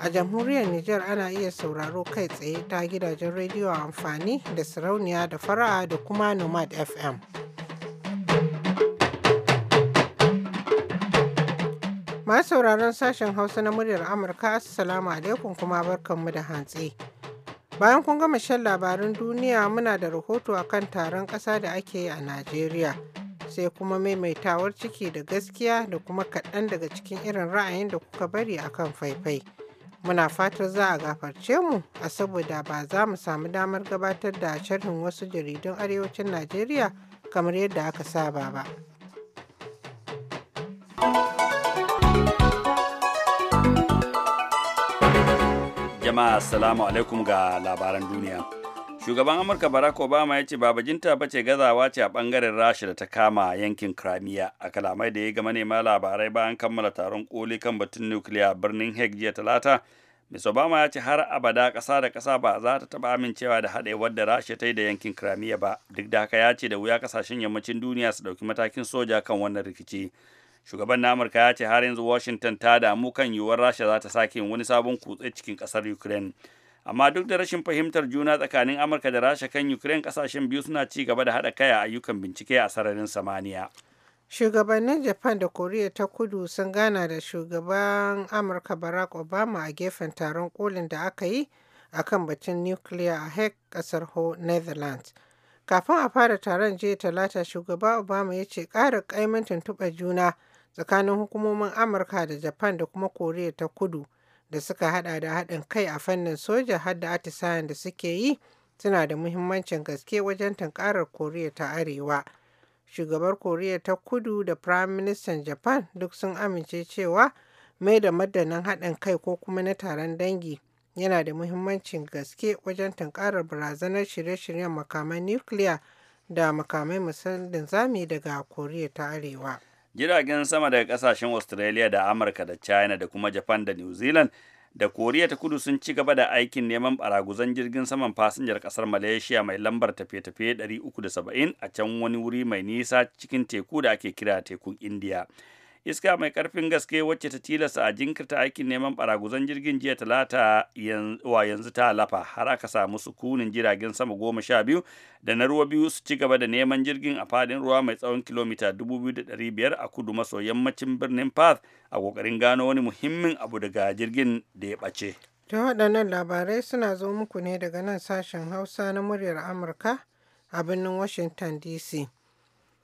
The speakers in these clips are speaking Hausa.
A jamhuriyar Nijar ana iya sauraro kai tsaye ta gidajen rediyo amfani da sarauniya da fara'a da kuma Nomad FM. Masu sauraron sashen Hausa na muryar Amurka, Assalamu alaikum kuma barkanmu da hantsi. Bayan kun gama shan labarin duniya muna da rahoto a kan taron ƙasa da ake yi a Najeriya. sai kuma maimaitawar ciki da gaskiya da kuma kaɗan daga cikin irin ra'ayin da kuka bari akan faifai. Muna fatar za a gafarce mu a saboda ba za mu samu damar gabatar da sharhin wasu jaridun arewacin Najeriya kamar yadda aka saba ba. Jama'a Assalamu alaikum ga labaran duniya. shugaban amurka barack obama ya ce babajinta ba ce gazawa ce a bangaren rasha da ta kama yankin crimea a kalamai da ya ga manema labarai bayan kammala taron koli kan batun nukiliya birnin hague jiya talata Ms. Obama ya ce har abada kasa da kasa ba za ta taba amincewa da haɗewar da Rasha ta yi da yankin Crimea ba, duk da haka ya ce da wuya kasashen yammacin duniya su ɗauki matakin soja kan wannan rikici. Shugaban na Amurka ya ce har yanzu Washington ta damu kan yiwuwar Rasha za ta sake wani sabon kutse cikin ƙasar Ukraine. amma duk da rashin fahimtar juna tsakanin amurka da rasha kan ukraine kasashen biyu suna ci gaba da haɗa kai a ayyukan bincike a sararin samaniya shugabannin japan da koriya ta kudu sun gana da shugaban amurka barack obama a gefen taron kolin da aka yi a kan batun nukiliya a hague kasar ho netherlands kafin a fara taron jiya talata shugaba obama ya ce ƙara kaimin tuntuɓa juna tsakanin hukumomin amurka da japan da kuma koriya ta kudu da suka hada da haɗin kai a fannin soja har da atisayen da suke yi suna da muhimmancin gaske wajen tunkarar koriya ta arewa shugabar koriya ta kudu da prime minister japan duk sun amince cewa mai da madannin haɗin kai ko kuma na taron dangi yana da muhimmancin gaske wajen tunkarar barazanar shirye-shiryen makaman nukiliya da makamai musallin zami daga koriya ta arewa jiragen sama daga kasashen australia da amurka da china da kuma japan da new zealand da koriya ta kudu sun ci gaba da aikin neman baraguzan jirgin saman fasinjar kasar malaysia mai lambar tafiye-tafiye 370 a can wani wuri mai nisa cikin teku da ake kira tekun india iska mai karfin gaske wacce ta tilasta a jinkirta aikin neman baraguzan jirgin jiya talata wa yanzu ta lafa har aka samu sukunin jiragen sama goma sha biyu da na ruwa biyu su ci gaba da neman jirgin a fadin ruwa mai tsawon kilomita 2,500 a kudu maso yammacin birnin Perth a kokarin gano wani muhimmin abu daga jirgin da ya bace Ta waɗannan labarai suna zo muku ne daga nan sashen Hausa na muryar Amurka a birnin Washington DC.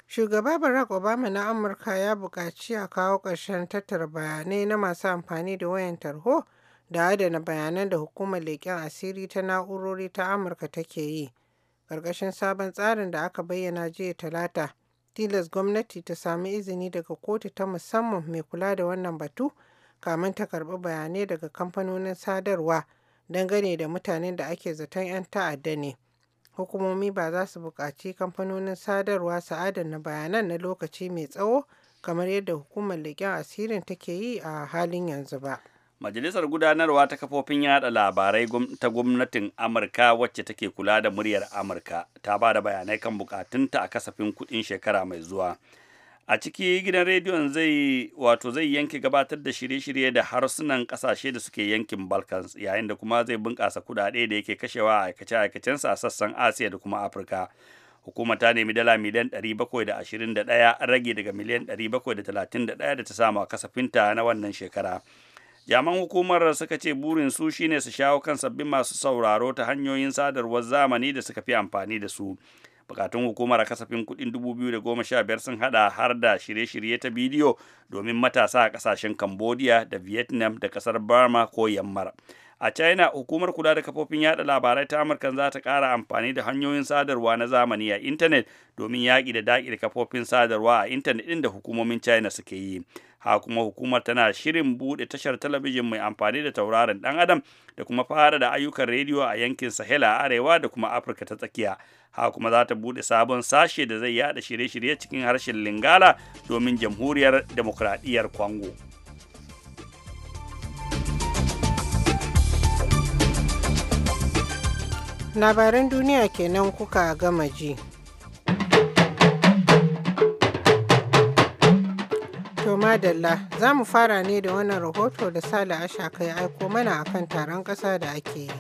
Shugaba Barack Obama na Amurka ya buƙaci a kawo ƙarshen tattara bayanai na masu amfani da wayan tarho da adana bayanan da Hukumar Leƙen Asiri ta Na'urori ta Amurka take yi. Ƙarƙashin sabon tsarin da aka bayyana jiya Talata, tilas gwamnati ta sami izini daga kotu ta musamman mai kula da wannan batu kamin ta karɓi bayanai daga kamfanonin sadarwa dangane da mutanen da ake zaton 'yan ta'adda ne. hukumomi ba za su buƙaci kamfanonin sadarwa su adana bayanan na lokaci mai tsawo kamar yadda hukumar leƙen asirin take yi a halin yanzu ba. Majalisar gudanarwa ta kafofin yada labarai ta gwamnatin Amurka wacce take kula da muryar Amurka ta ba da bayanai kan bukatunta a kasafin kuɗin shekara mai zuwa. a ciki gidan rediyon zai wato zai yanke gabatar da shirye-shirye da harsunan kasashe da suke yankin balkans yayin da kuma zai bunƙasa kudade da yake kashewa a aikace-aikacensa a sassan asiya da kuma afirka hukuma ta nemi dala miliyan 721 rage daga miliyan 731 da ta samu a kasafinta na wannan shekara jaman hukumar suka ce burin su shine su shawo kan sabbin masu sauraro ta hanyoyin sadarwar zamani da suka fi amfani da su bukatun hukumar kasafin kudin 2015 sun hada har da shirye-shirye ta bidiyo domin matasa a kasashen cambodia da vietnam da kasar burma ko yammar a china hukumar kula da kafofin yada labarai ta amurka za ta kara amfani da hanyoyin sadarwa na zamani a intanet domin yaƙi da daƙi kafofin sadarwa a intanet inda hukumomin china suke yi ha kuma hukumar tana shirin buɗe tashar talabijin mai amfani da tauraron dan adam da kuma fara da ayyukan rediyo a yankin sahel a arewa da kuma afirka ta tsakiya haka kuma za ta buɗe sabon sashe da zai yada shirye-shirye cikin harshen lingala domin jamhuriyar demokradiyyar kwango labaran duniya kenan kuka gama ji To madalla za mu fara ne da wannan rahoto da Sale Asha kai aiko mana akan taron ƙasa da ake yi.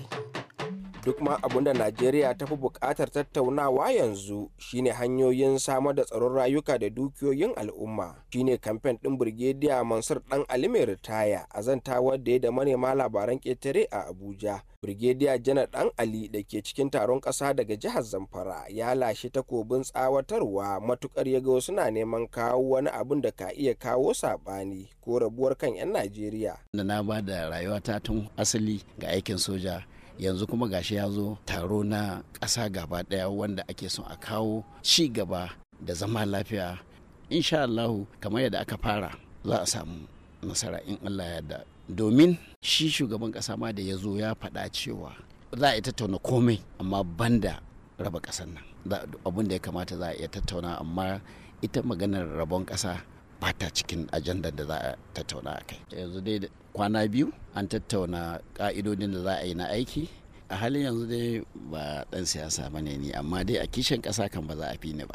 duk ma da najeriya ta fi bukatar tattaunawa yanzu shine hanyoyin samar da tsaron rayuka da dukiyoyin al'umma shine kamfen ɗin birgediya mansur ɗan ali mai ritaya a zantawar da ya da manema labaran ƙetare a abuja birgediya jana ɗan ali da ke cikin taron ƙasa daga jihar zamfara ya lashe takobin tsawatarwa matukar ya ga suna neman kawo wani abin da ka iya kawo saɓani ko rabuwar kan 'yan najeriya da na ba da rayuwata tun asali ga aikin soja yanzu kuma gashi ya zo taro na ƙasa gaba ɗaya wanda ake son a kawo ci gaba da zama lafiya insha Allahu kamar yadda aka fara za a samu nasara in Allah ya da domin shi shugaban ƙasa ma da ya zo ya faɗa cewa za a yi tattauna komai amma banda raba ƙasar nan abin da ya kamata za a iya tattauna amma ita maganar rabon ƙasa ba ta cikin ajandar da za a tattauna a kai yanzu dai kwana biyu an tattauna ka'idodin da za a yi na aiki a halin yanzu dai ba dan siyasa bane ni amma dai a kishin kasa kan ba za a fi ni ba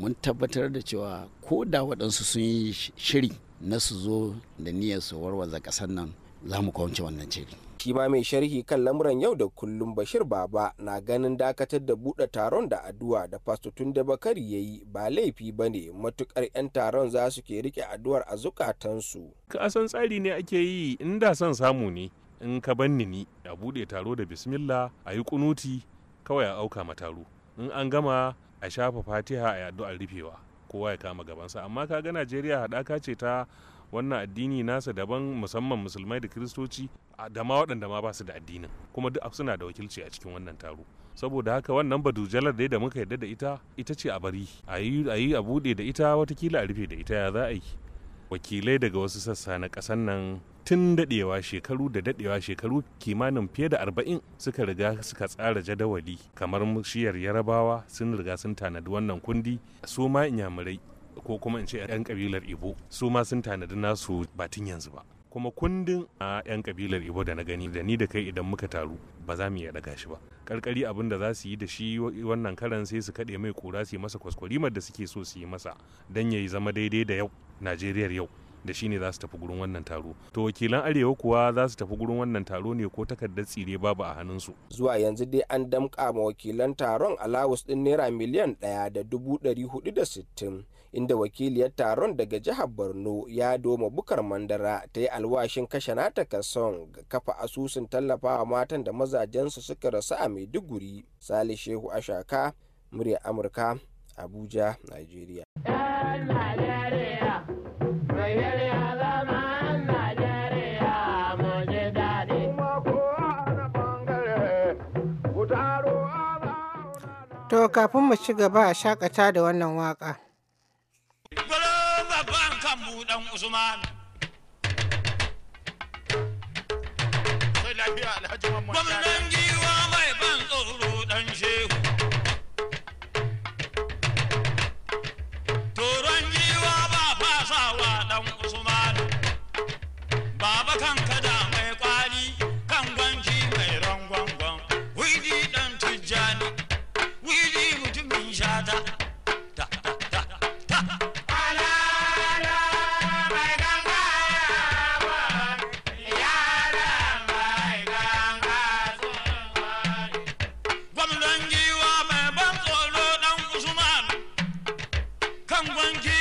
mun tabbatar da cewa ko da waɗansu sun yi shiri na su zo da niyyar su warwaza ƙasar nan za mu kwance wannan shiri shi mai sharhi kan lamuran yau da kullum bashir baba na ganin dakatar da buɗe taron da addu'a da fasto da bakari ya yi ba laifi ba ne matukar 'yan taron za su ke rike addu'ar a zukatansu kasan tsari ne ake yi in da son samu ne in ka banni ni a buɗe taro da bismillah a yi kunuti kawai a auka ma taro in an gama a shafa fatiha a addu'ar rufewa kowa ya kama gabansa amma ka ga najeriya haɗaka ce ta wannan addini nasa daban musamman musulmai da kiristoci da ma waɗanda ma ba su da addinin kuma duk suna da wakilci a cikin wannan taro saboda haka wannan badujalar dai da muka yadda da ita ita ce a bari a yi a buɗe da ita watakila a rufe da ita ya za a yi wakilai daga wasu sassa na ƙasar nan tun daɗewa shekaru da daɗewa shekaru kimanin fiye da arba'in suka riga suka tsara jadawali kamar shiyar yarabawa sun riga sun tanadi wannan kundi su ma inyamurai ko kuma in ce 'yan kabilar ibo su ma sun tanadi nasu batun yanzu ba kuma kundin a 'yan kabilar ibo da na gani da ni da kai idan muka taru ba za mu iya daga shi ba karkari abin da za su yi da shi wannan karan sai su kaɗe mai kura su yi masa kwaskwarimar da suke so su yi masa don ya yi zama daidai da yau najeriyar yau da shi ne za su tafi gurin wannan taro to wakilan arewa kuwa za su tafi gurin wannan taro ne ko takardar tsire babu a hannunsu zuwa yanzu dai an damƙa ma wakilan taron alawus ɗin naira miliyan ɗaya da dubu ɗari hudu da sittin inda wakiliyar taron daga jihar borno ya doma bukar mandara ta yi alwashin kashe nata kason ga kafa asusun tallafawa matan da mazajensu suka rasu a maiduguri sali shehu ashaka murya amurka abuja nigeria To kafin mu ci gaba a shakata da wannan waka. زمان طلع بها الهجمة ومن one give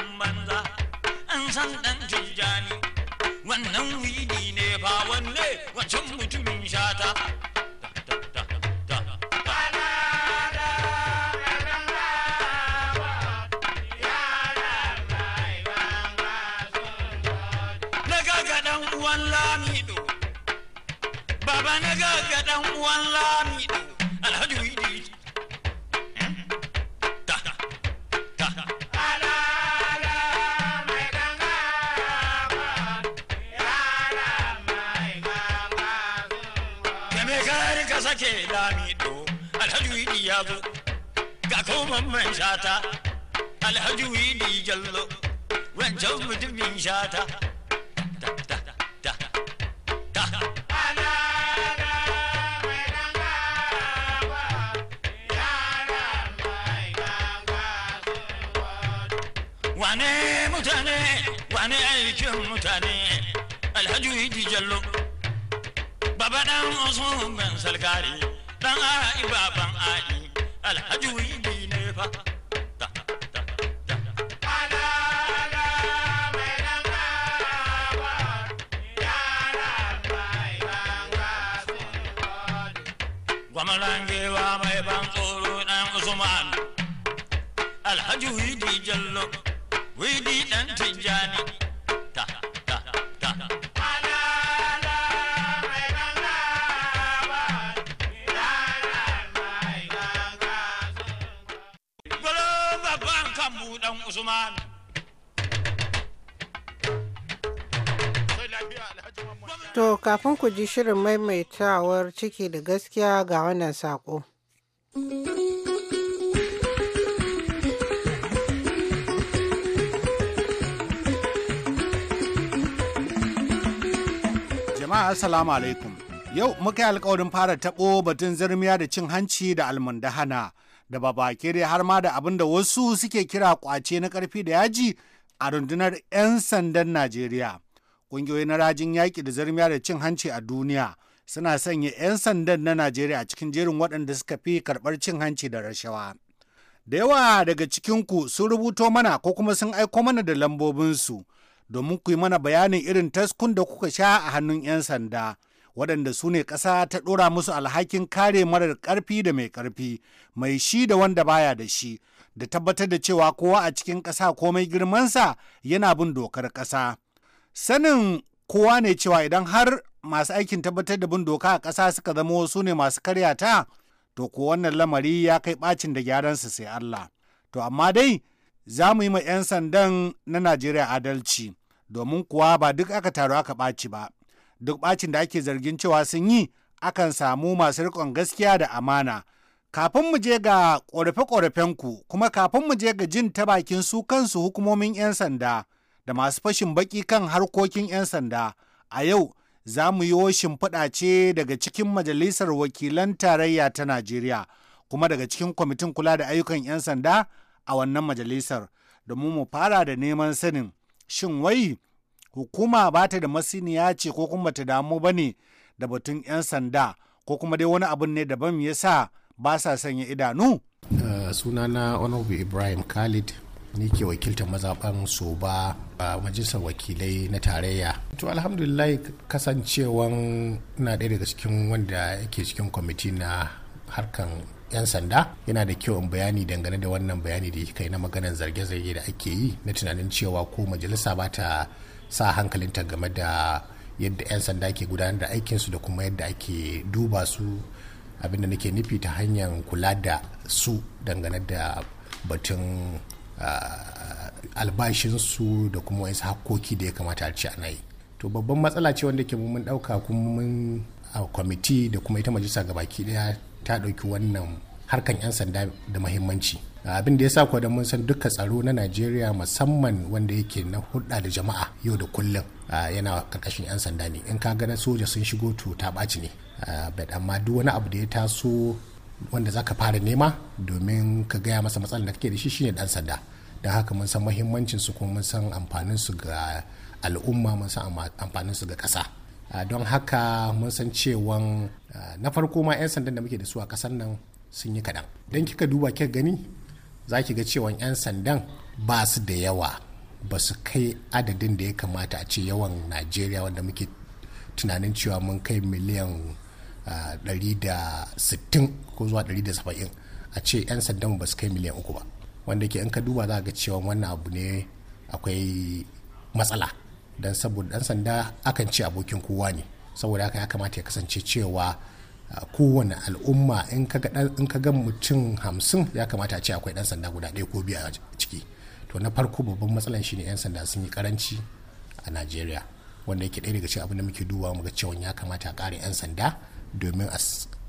aikin banza an san dan tijjani wannan widi ne fa wanne wancan mutumin shata Baba naga gaga dan uwan lamido lamido alhaji widi ya zo ga koman man shata alhaji widi jallo wancan mutumin shata wane mutane wane aikin mutane alhaji widi jallo baba dan usman salgari dan a'i baban a'i alhaji wili ne fa Gwamalangewa mai ban tsoro ɗan Usman, Alhaji Widi Jallo, Widi ɗan Tijjani. kafin ku ji shirin maimaitawar ciki da gaskiya ga wannan saƙo. Jama'a Assalamu alaikum. Yau muka yi alkawarin fara taɓo batun zarmiya da cin hanci da almundahana da babakere har ma da abin da wasu suke kira ƙwace na ƙarfi da yaji a rundunar 'yan sandan Najeriya. Ƙungiyoyi na rajin yaƙi da zarmiya da cin hanci a duniya suna sanya 'yan sandan na Najeriya a cikin jerin waɗanda suka fi karɓar cin hanci da rashawa. Da yawa daga cikinku sun rubuto mana ko kuma sun aiko mana da lambobinsu domin ku yi mana bayanin irin taskun da kuka sha a hannun 'yan sanda. waɗanda su ne ƙasa ta ɗora musu alhakin kare marar ƙarfi da mai ƙarfi mai shi da wanda baya da shi da tabbatar da cewa kowa a cikin ƙasa komai girmansa yana bin dokar ƙasa. sanin kowa ne cewa idan har masu aikin tabbatar da bin doka a ƙasa suka zama wasu ne masu karya ta to ko wannan lamari ya kai ɓacin da gyaran su, sai Allah. To amma dai za mu yi ma 'yan sandan na Najeriya adalci domin kuwa ba duk aka taru aka ɓaci ba. Duk ɓacin da ake zargin cewa sun yi akan samu masu riƙon gaskiya da amana. Kafin mu je ga ƙorafe-ƙorafenku kuma kafin mu je ga jin ta bakin su kansu hukumomin 'yan sanda. da masu fashin baki kan harkokin 'yan sanda a yau za mu yi washin ce daga cikin majalisar wakilan tarayya ta najeriya kuma daga cikin kwamitin kula da ayyukan 'yan sanda a wannan majalisar domin mu fara da neman sanin shin wai hukuma ba ta da masiniya ce ko kuma ta damu ba ne da batun 'yan sanda ko kuma dai wani abin ne daban ya sa ba sa sanya idanu eh, sunana honorable ibrahim khalid ni ke wakiltar mazaɓan su ba a majalisar wakilai na tarayya to alhamdulillah kasancewan na ɗaya daga cikin wanda yake cikin kwamiti na harkan 'yan sanda yana da kyau in bayani dangane da wannan bayani da kai na maganar zarge-zarge da ake yi na tunanin cewa ko majalisa ba ta sa hankalinta game da yadda 'yan sanda ke gudanar da aikinsu da kuma yadda ake duba su abinda nake nufi ta hanyar kula da su dangane da batun albashinsu da kuma wasu hakkoki da ya kamata a ce ana yi to babban matsala ce wanda ke mun ɗauka kuma mun a kwamiti da kuma ita majalisa gabaki daya ta ɗauki wannan harkan 'yan sanda da mahimmanci abin da ya sa da mun san duka tsaro na najeriya musamman wanda yake na hulɗa da jama'a yau da kullum yana karkashin 'yan sanda ne in ka ga na soja sun shigo to ta ɓaci ne amma duk wani abu da ya taso wanda zaka fara nema domin ka gaya masa matsalar da kake da shi shine dan sanda don haka mun san muhimmancin su kuma mun san amfanin su ga al'umma mun san amfanin su ga kasa don haka mun san cewan na farko ma 'yan sandan da muke da su a ƙasar nan sun yi kaɗan don kika duba kika gani za ki ga cewan 'yan sandan ba su da yawa ba su kai adadin da ya kamata a ce yawan najeriya wanda muke tunanin cewa mun kai miliyan 160 ko zuwa 170 a ce 'yan sandan mu basu kai miliyan uku ba wanda ke in ka duba za ga cewa wannan abu ne akwai matsala don saboda dan sanda akan ce abokin kowa ne saboda haka ya kamata ya kasance cewa kowane al'umma in ka ga mutum hamsin ya kamata a ce akwai dan sanda guda ɗaya ko biyu a ciki to na farko babban matsalan shine 'yan sanda sun yi karanci a najeriya wanda yake ɗaya daga cikin abin da muke duba muga ga cewa ya kamata a ƙara 'yan sanda domin a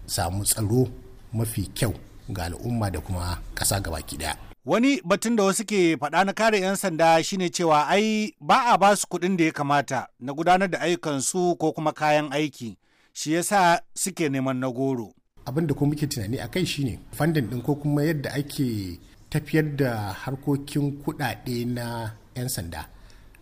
samu tsaro mafi kyau ga al'umma da kuma ƙasa gabaki daya. Wani batun da wasu ke faɗa na kare 'yan sanda shine cewa ai ba a ba su kuɗin da ya kamata na gudanar da ayyukansu ko kuma kayan aiki shi yasa suke neman na goro. Abin da kuma muke tunani a kai shine fandin ɗin ko kuma yadda ake tafiyar da harkokin kuɗaɗe na 'yan sanda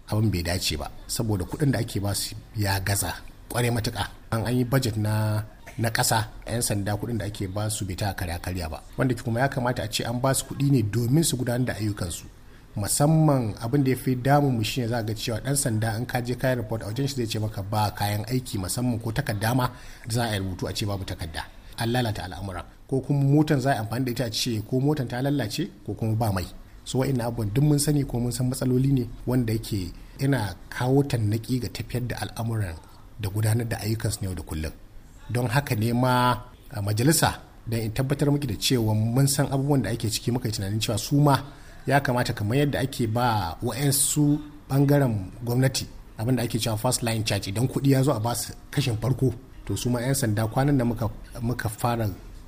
abin bai dace ba saboda kuɗin da ake ba su ya gaza kware matuka an an yi budget na na ƙasa 'yan sanda kuɗin da ake ba su bai ta karya karya ba wanda kuma ya kamata a ce an ba su kuɗi ne domin su gudanar da ayyukansu musamman abin da ya fi damun mu shine za ga cewa dan sanda an kaje kayan report a wajen shi zai ce maka ba kayan aiki musamman ko takarda ma za a rubutu a ce babu takarda an lalata al'amura ko kuma motan za a amfani da ita a ce ko motan ta lalace ko kuma ba mai so wa'in abubuwan duk mun sani ko mun san matsaloli ne wanda yake yana kawo tannaki ga tafiyar da al'amuran da gudanar da ayyukan ayyukansu yau da kullum don haka ne ma a majalisa don in tabbatar muke da cewa mun san abubuwan da ake ciki muka yi tunanin cewa su ma ya kamata kamar yadda ake ba wa'yansu bangaren gwamnati abin da ake cewa first line charge idan kuɗi ya zo a basu kashin farko to su ma 'yan sanda kwanan da muka fara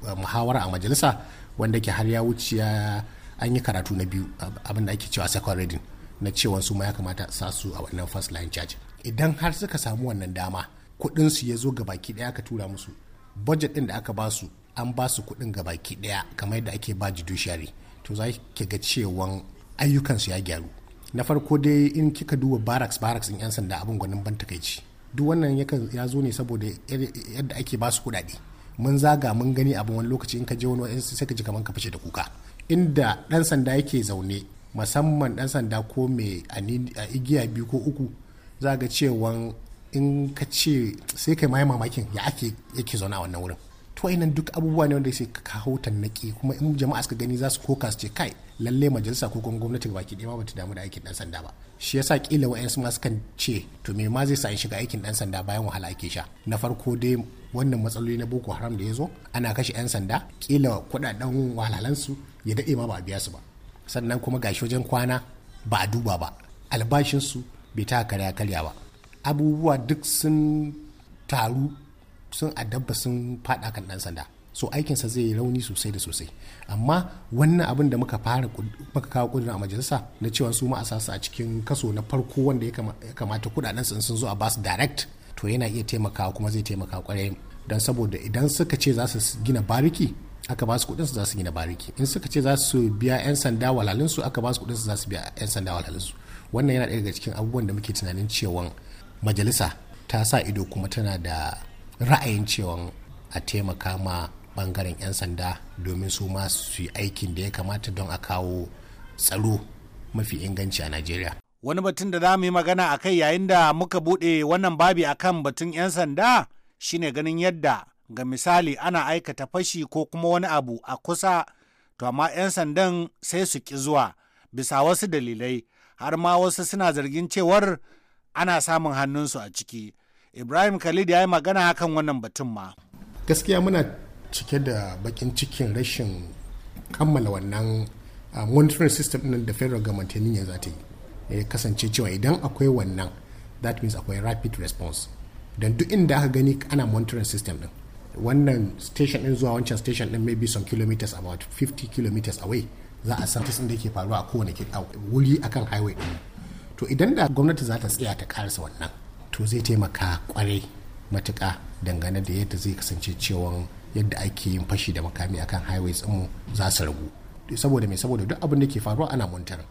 eh, muhawara a majalisa wanda ke har ya wuce an yi karatu na biyu abin da ake cewa second reading na cewa su ma ya kamata sa su a wannan first line charge idan har suka samu wannan dama kuɗin su ya zo ga baki daya ka tura musu budget ɗin da aka ba su an ba su kuɗin gabaki daya kamar yadda ake ba judiciary to za ki ga cewan ayyukan su ya gyaru na farko dai in kika duba barracks barracks in yan sanda abin gwanin ban takaici duk wannan ya zo ne saboda yadda ake ba su kuɗaɗe mun zaga mun gani abin wani lokaci in ka je wani wani sai ka ji kamar ka fice da kuka inda ɗan sanda yake zaune musamman dan sanda ko mai a igiya biyu ko uku za ga cewa in ka ce sai kai mai mamakin ya ake yake zaune a wannan wurin to nan duk abubuwa ne wanda sai ka kawo tannaki kuma in jama'a suka gani za su koka su ce kai lalle majalisa ko kuma gwamnati baki ɗaya ba ta damu da aikin dan sanda ba shi yasa kila wa'yansu ma sukan ce to me ma zai sa in shiga aikin dan sanda bayan wahala ake sha na farko dai wannan matsaloli na boko haram da ya zo ana kashe 'yan sanda kila kuɗaɗen wahalhalansu ya daɗe ma ba a biya su ba sannan kuma gashi wajen kwana ba a duba ba albashinsu bai ta karya karya ba abubuwa duk sun taru sun adabba sun fada kan dan sanda so aikinsa zai yi rauni sosai da sosai amma wannan abin da muka fara muka kawo kudin a majalisa na cewa su ma a a cikin kaso na farko wanda ya kamata kudaden sun sun zo a basu direct to yana iya taimakawa kuma zai taimaka kwarai don saboda idan suka ce za su gina bariki aka ba su kudin su za su gina bariki in suka ce za su biya yan sanda walalinsu aka ba su kudin su za su biya yan sanda walalinsu. wannan yana daga cikin abubuwan da muke tunanin cewan majalisa ta sa ido kuma tana da ra'ayin cewa a taimaka ma bangaren 'yan sanda domin su ma su yi aikin da ya kamata don a kawo tsaro mafi inganci a najeriya wani batun da za mu yi magana a kai yayin da muka buɗe wannan babi a kan batun 'yan sanda shine ganin yadda ga misali ana aikata fashi ko kuma wani abu a kusa to amma 'yan sandan sai su ki zuwa bisa wasu dalilai har ma wasu suna zargin cewar ana samun hannunsu a ciki ibrahim khalid ya yi magana hakan wannan batun ma gaskiya muna cike da bakin cikin rashin kammala wannan ah, monitoring system din da federal government ya zata ta yi ya kasance cewa idan akwai wannan that means akwai rapid response don duk inda aka gani ana monitoring system din wannan station din zuwa wancan station din maybe some kilometers about 50 kilometers away za a san kisan da yake faruwa a kowane wuri akan highway din to idan da gwamnati za ta tsaya ta karasa wannan to zai taimaka kwarai matuka dangane da yadda zai kasance cewa yadda ake yin fashi da makami akan highways mu za su ragu saboda mai saboda duk abin da ke faruwa ana monitoring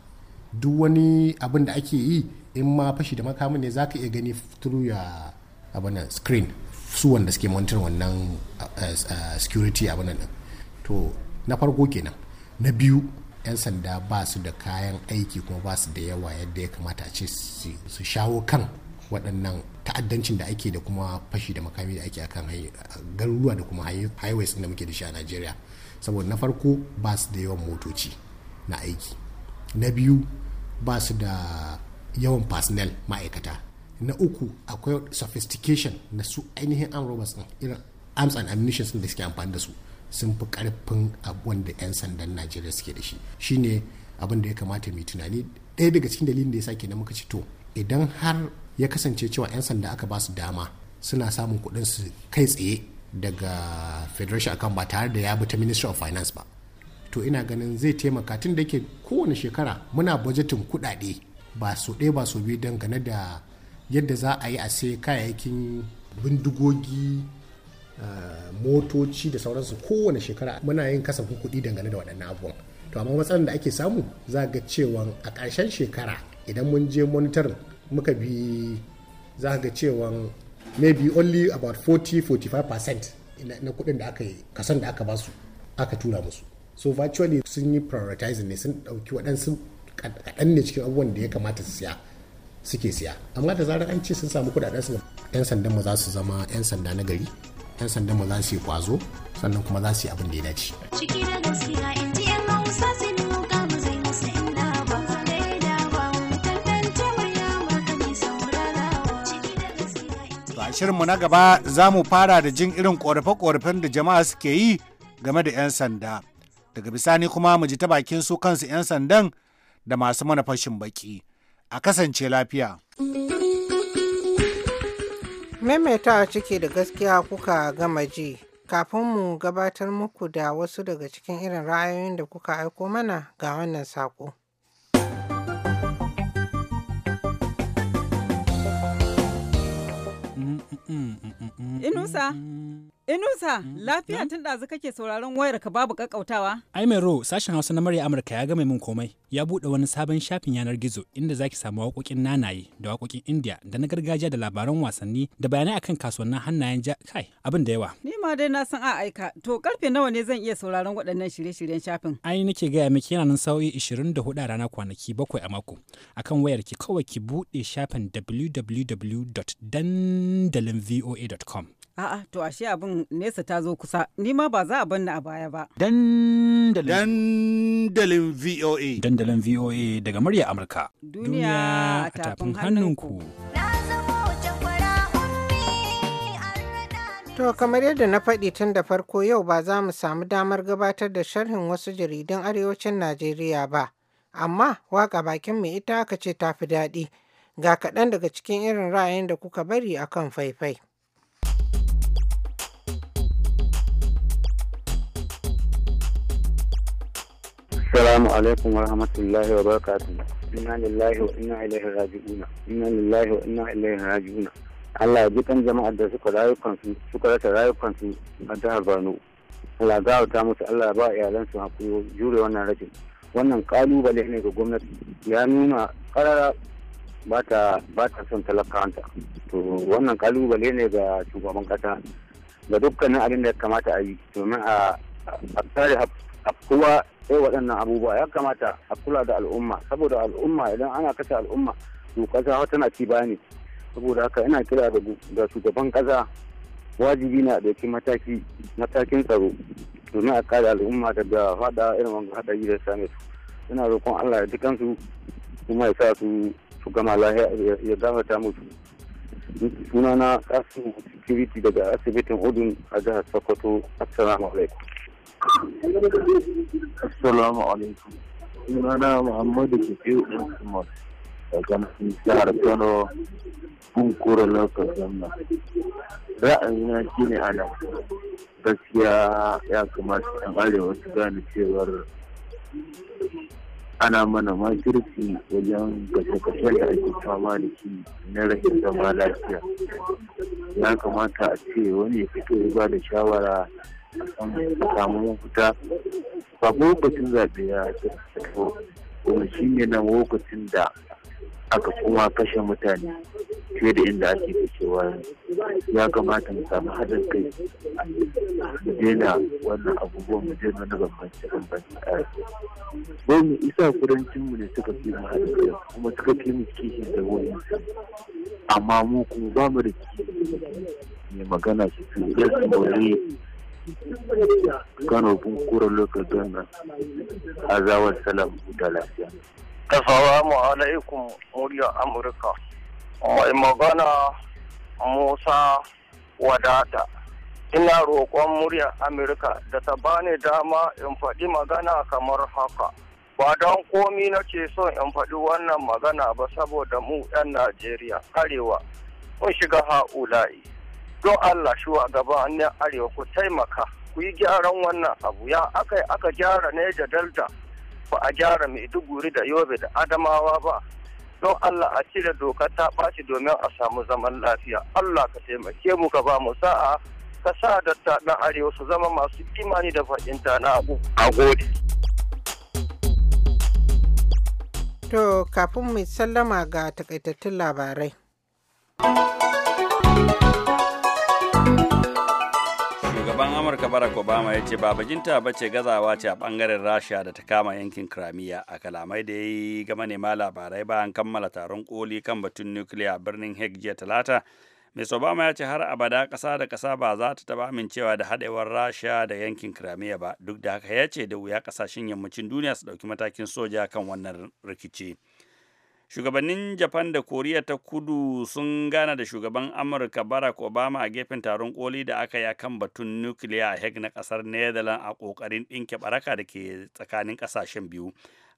duk wani abin da ake yi in ma fashi da makamin ne zaka ka iya gani through ya abin screen su wanda suke monitoring wannan eh, eh, security abin nan to na farko kenan na biyu 'yan sanda ba su da kayan aiki kuma ba su da yawa yadda ya kamata ce su shawo kan waɗannan ta'addancin da ake da kuma fashi da makami da ake kan garuruwa da kuma highways da muke da shi a najeriya saboda na farko ba su da yawan motoci na aiki na biyu ba su da yawan personnel ma'aikata na uku akwai sophistication na su ainihin irin arms and ammunition da suke amfani da su sun fi karfin abuwan da 'yan sandan najeriya suke da shi shine abin da ya kamata mai tunani ɗaya daga cikin dalilin da ya sake na muka ci to idan har ya kasance cewa 'yan sanda aka ba su dama suna samun kuɗin su kai tsaye daga federation account ba tare da ya bi ta ministry of finance ba to ina ganin zai taimaka tun da yake kowane shekara muna bajetin kuɗaɗe ba so ɗaya ba so biyu dangane da yadda za a yi a sai kayayyakin bindigogi motoci da sauransu kowane shekara muna yin kasafin kuɗi dangane da waɗannan abubuwan to amma matsalar da ake samu za ga cewa a ƙarshen shekara idan mun je monitor muka bi za ga cewa maybe only about 40-45% na kuɗin da aka yi kasan da aka basu aka tura musu so virtually sun yi prioritizing ne sun ɗauki waɗansu kaɗan ne cikin abubuwan da ya kamata su siya suke siya amma da zarar an ce sun samu kuɗaɗen su 'yan sandan mu za su zama 'yan sanda na gari 'yan sandan ba za su yi kwazo sannan kuma za su yi abin da ya dace. Ciki mu na gaba za mu fara da jin irin korafe-korafen da jama'a suke yi game da 'yan sanda. Daga bisani kuma mu ji ta bakin su kansu 'yan sandan da masu manufashin baki. A kasance lafiya. Mm -hmm. a ciki da gaskiya kuka gama ji kafin mu gabatar muku da wasu daga cikin irin ra'ayoyin da kuka aiko mana ga wannan saƙo. Mm, mm, mm, Inusa. Inusa, mm, lafiya tun ɗazu kake sauraron wayar ka babu kakautawa. Ai mai ro, sashen Hausa na murya Amurka ya gama min komai. Ya buɗe wani sabon shafin yanar gizo inda zaki samu waƙoƙin nanaye da waƙoƙin India da na gargajiya da labaran wasanni da bayanai akan kasuwannin hannayen ja kai abin da yawa. Ni ma dai na san a aika. To karfe nawa ne zan iya sauraron waɗannan shirye-shiryen shafin? Ai nake gaya miki yana nan sa'o'i 24 a rana kwanaki bakwai a mako. Akan wayar ki kawai ki buɗe shafin www.dandalinvoa.com. A'a to ashe abin nesa ta zo kusa ni ma ba za a banna a baya ba. Dandalin VOA. Dandalin VOA daga murya Amurka. Duniya a tafin hannunku. To kamar yadda na faɗi tun da farko yau ba za mu samu damar gabatar da sharhin wasu jaridun arewacin Najeriya ba. Amma waka bakin mai ita aka ce tafi daɗi. Ga kaɗan daga cikin irin ra'ayin da kuka bari akan faifai. Assalamu alaikum wa rahmatullahi wa barakatuh. Inna lillahi wa inna ilaihi raji'una. Inna lillahi wa inna ilaihi raji'una. Allah ya ji kan jama'ar da suka rayukansu suka rasa rayukansu a jihar Borno. Allah ya ta musu Allah ya ba iyalansu hakuri jure wannan rashin. Wannan kalubale ne ga gwamnati ya nuna karara ba ta ba ta son talakawanta. To wannan kalubale ne ga shugaban kasa ga dukkanin abin da ya kamata a yi domin a tsare kuma sai eh, waɗannan abubuwa ya kamata a kula da al'umma saboda al'umma idan ana kashe al'umma to ƙasa tana ci bani saboda haka ina kira da shugaban ƙasa wajibi na ɗauki mataki matakin tsaro domin a kare al'umma daga fada irin wanga yi da same su ina roƙon Allah ya ji kansu kuma ya sa su su gama lahiya ya gafarta musu sunana kasu security daga asibitin udun a jihar sokoto assalamu alaikum Assalamu alaikum. Sunana Muhammadu Kafiu ɗin Sumar daga jihar Kano Bunkura Lokal Gamma. Ra'ayina shi ne ana gaskiya ya kamata ɗan arewa su gane cewar ana mana makirci wajen kashe-kashen da ake fama da shi na rashin zama lafiya. Ya kamata a ce wani ya fito ya ba da shawara samu mafita babu lokacin zaɓe ya fito kuma shi ne na lokacin da aka kuma kashe mutane fiye da inda ake kashewa ya kamata mu samu haɗin kai mu daina wannan abubuwan mu daina na bambanci bambanci a bai mu isa kudancin mu ne suka fi mu haɗin kai kuma suka fi mu kishin da wani amma mu kuma ba mu da kishin ne magana shi su yi eh. kano kura lokacin nan zawar salam da lafiya assalamu alaikum muryar amurka mai magana musa wadata ina roƙon muryar amurka da ta bani dama in faɗi magana kamar haka ba don komi nake so in faɗi wannan magana ba saboda mu 'yan najeriya Karewa, mun shiga ha'ula'i don Allah shi wa gabanin arewa ku taimaka ku yi gyaran wannan abu ya aka aka gyara ne da delta ba a gyara maiduguri da yobe da adamawa ba don Allah a cire doka ta ɓaci domin a samu zaman lafiya Allah ka taimake mu ka ba mu sa'a ka sa datta na arewa su zama masu imani da fahimta na abu a gode. To kafin mu sallama ga takaitattun labarai. amurka barack obama ya ce babajinta ba ce gazawa ce a bangaren rasha da ta kama yankin kramiya a kalamai da ya yi ga manema labarai bayan kammala taron koli kan batun nukiliya a birnin hague jiya talata Mr. Obama ya ce har abada kasa da kasa ba za ta taba amincewa da hadewar Rasha da yankin kramiya ba, duk da haka ya ce da wuya kasashen yammacin duniya su ɗauki matakin soja kan wannan rikici. Shugabannin Japan da Koriya ta Kudu sun gana da shugaban Amurka Barack Obama a gefen taron koli da aka ya kan batun nukiliya a Hague na kasar Netherlands a kokarin ɗinke baraka da ke tsakanin ƙasashen biyu.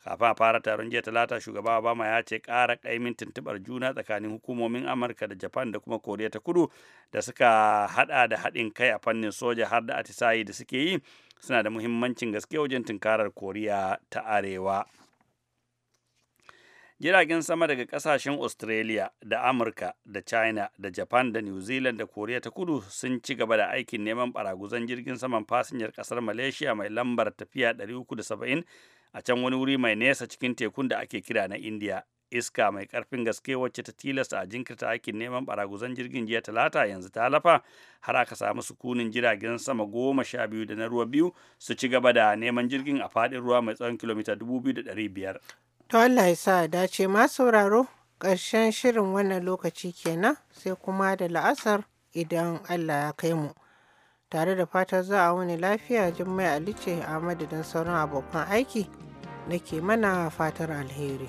Kafin a fara taron jiya talata shugaba Obama ya ce ƙara ƙaimin tuntuɓar juna tsakanin hukumomin Amurka da Japan da kuma Koriya ta Kudu da suka haɗa da haɗin kai a fannin soja har da atisayi da suke yi suna da muhimmancin gaske wajen tunkarar Koriya ta Arewa. Jiragen sama daga kasashen Australia da Amurka da China da Japan da New Zealand da Koriya ta kudu sun ci gaba da aikin neman baraguzan jirgin saman fasinjar kasar Malaysia mai lambar tafiya 370 a can wani wuri mai nesa cikin tekun da ake kira na India. Iska mai karfin gaske wacce ta tilasta a jinkirta aikin neman baraguzan jirgin jiya talata yanzu ta lafa har aka samu sukunin jiragen sama goma sha biyu da na ruwa biyu su ci gaba da neman jirgin a faɗin ruwa mai tsawon kilomita 2,500. To Allah ya sa dace ma sauraro ƙarshen shirin wannan lokaci kenan sai kuma da la'asar idan Allah ya kai mu. Tare da fatan za a wani lafiya Jummai Ali ce a madadin sauran abokan aiki nake mana fatar alheri.